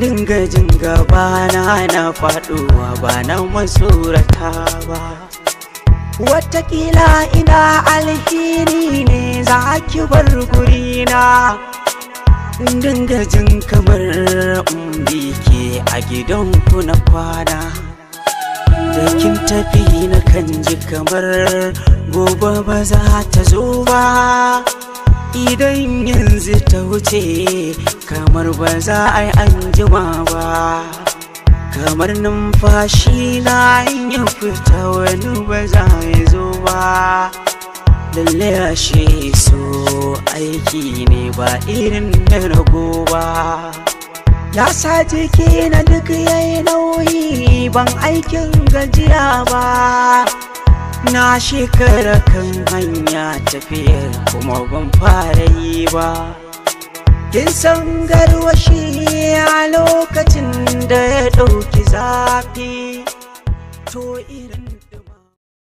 dinga jin gaba na na faduwa ba na masurata ba watakila ina alheri ne za ki bar gurina dinga jin kamar umbi ke a gidanku na kwana da kin tafi na kan kamar gobe ba za ta zo ba idan yanzu ta wuce kamar ba za a yi anjima ba kamar numfashi na ya fita wani ba za a ya zo ba lalle shi so aiki ne ba irin na rago ba ya sa jiki na duk yayi nauyi ban aikin gajiya ba na shekara kan hanya tafiyar kuma ban fara yi ba kin san garwashi a lokacin da ya ɗauki zafi to irin